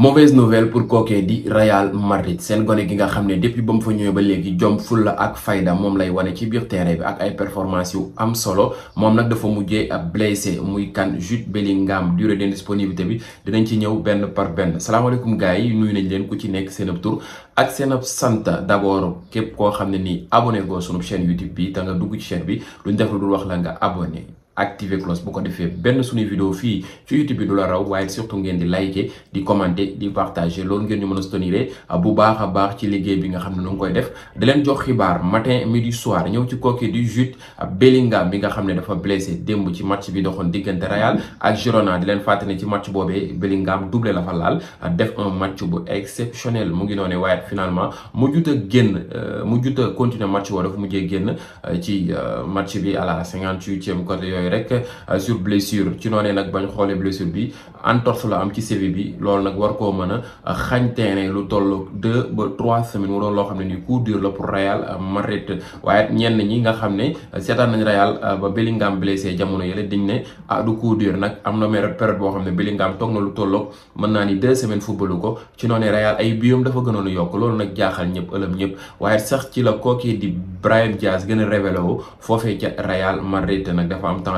mauvaise nouvelle pour kookee di Real Madrid seen gone gi nga xam ne depuis ba mu fa ñëwee ba léegi jom fulla ak fayda moom lay wane ci biir terrain bi ak ay performance yu am solo moom nag dafa mujje ab blessé muy kan Jude Bellingham durée d'indisponibilité bi dinañ ci ñëw benn par benn salaamaaleykum gars yi nuy nañ leen ku ci nekk seen ab tur ak seen ab sant d'abord képp koo xam ne nii abonné goo sunu chaîne YouTube bi te nga dugg ci chaîne bi luñ def lu dul wax la nga abonné activer cloche bu ko defee benn suñuy vidéo fii ci YouTube bi du la raw waaye surtout ngeen di liker di commenter di partager loolu ngeen ñu mën a soutenir ah, bu baax a baax ci liggéey bi nga xam ne nu ngi koy def di leen jox xibaar matin midi soir ñëw ci kooku du Jude ah, Bellingham bi nga xam ne dafa blessé démb ci match bi doxoon diggante Real ak Girona di leen fàttali ci match boobee Bellingham doublé la fa laal ah, def un match bu exceptionnel mu ngi noonu waaye finalement mu jut a génn euh, mu jut a continuer match woo dafa mujjee génn euh, ci euh, match bi à la cinquante-huitième côté yooyu mooy rek euh, sur blessure ci noonee nag bañ xoolee blessure bi entorse la am ci sévi bi loolu nag war koo mën a euh, xañteene lu toll deux ba trois semaines mu loo xam ne nii coup dur la pour Real euh, Madrid waaye ñenn ñi nga xam ne seetaan nañ Real ba Bellingham blessé jamono yële dañ ne ah du coup nag am na meilleure période boo xam ne Bellingham toog na lu tolloog mën naa ni deux semaines footballu ko ci noonee Real ay biom dafa gënoon a yokk loolu nag jaaxal ñëpp ëlëm ñëpp waaye sax ci la kookee di Brahim Diaz gën a révélé wo foofee ca Real Madrid nag dafa am temps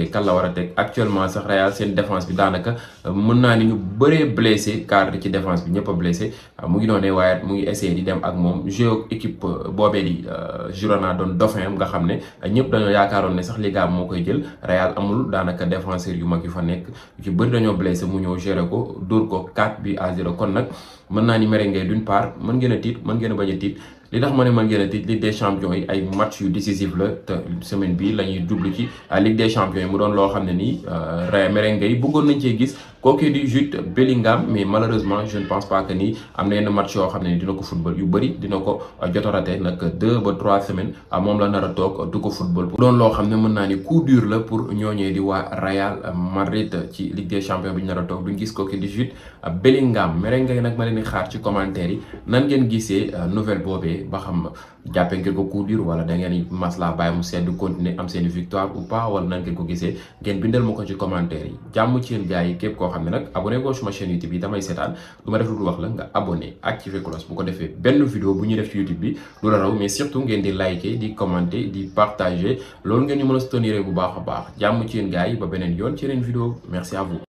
marqué kan la war a teg actuellement sax Real seen défense bi daanaka mën naa ni ñu bëree blessé cadre ci défense bi ñëpp a blessé ah, mu ngi doonee waaye mu ngi essayé di dem ak moom jeu équipe euh, boobee di euh, Girona doon dauphin nga xam ne ñëpp dañoo yaakaaroon ne sax Liga moo koy jël Real amul daanaka défenseur yu mag yu fa nekk ci bëri dañoo blessé mu ñëw géré ko dóor ko 4 bi à 0 kon nag mën naa ni merengue d'une part mën ngeen a tiit mën ngeen a bañ a tiit li tax ma ne ma ngeen a tiit Ligue des champions yi ay match yu décisif la semaine bii la ñuy jublu ci Ligue des yi mu doon loo xam ne nii euh, merengue yi bëggoon nañ cee gis kooku di Jude Bellingham mais malheureusement je ne pense pas que ni am na yenn match yoo xam ne dina ko football yu bëri dina ko euh, jot a rate nag deux ba trois semaines euh, moom la nar a toog euh, du ko football. doon loo xam ne mën naa ni coup dur la pour ñooñee di waa Real Madrid ci Ligue des champions bi ñu nar a toog duñ gis kooku di Jude Bellingham merengue nag ma leen di xaar ci commentaire yi nan ngeen gisee nouvelle boobee ba xam jàppee ngeen ko coup dur wala da ngeen maslaa bàyyi mu sedd continuer seen victoire ou pas wala nan ngeen ko gisee ngeen bindal ma ko ci commentaire yi jàmm ko xam ne nag abonné goo suma chaîne YouTube yi damay seetaan lu ma def lu wax la nga abonné activé cloche bu ko defee benn vidéo bu ñu def ci YouTube bi du la raw mais surtout ngeen di liker di commenter di partager loolu ngeen ñu mën a soutenir bu baax a baax jàmm ci yéen gars yi ba beneen yoon ci yeneen vidéo merci à vous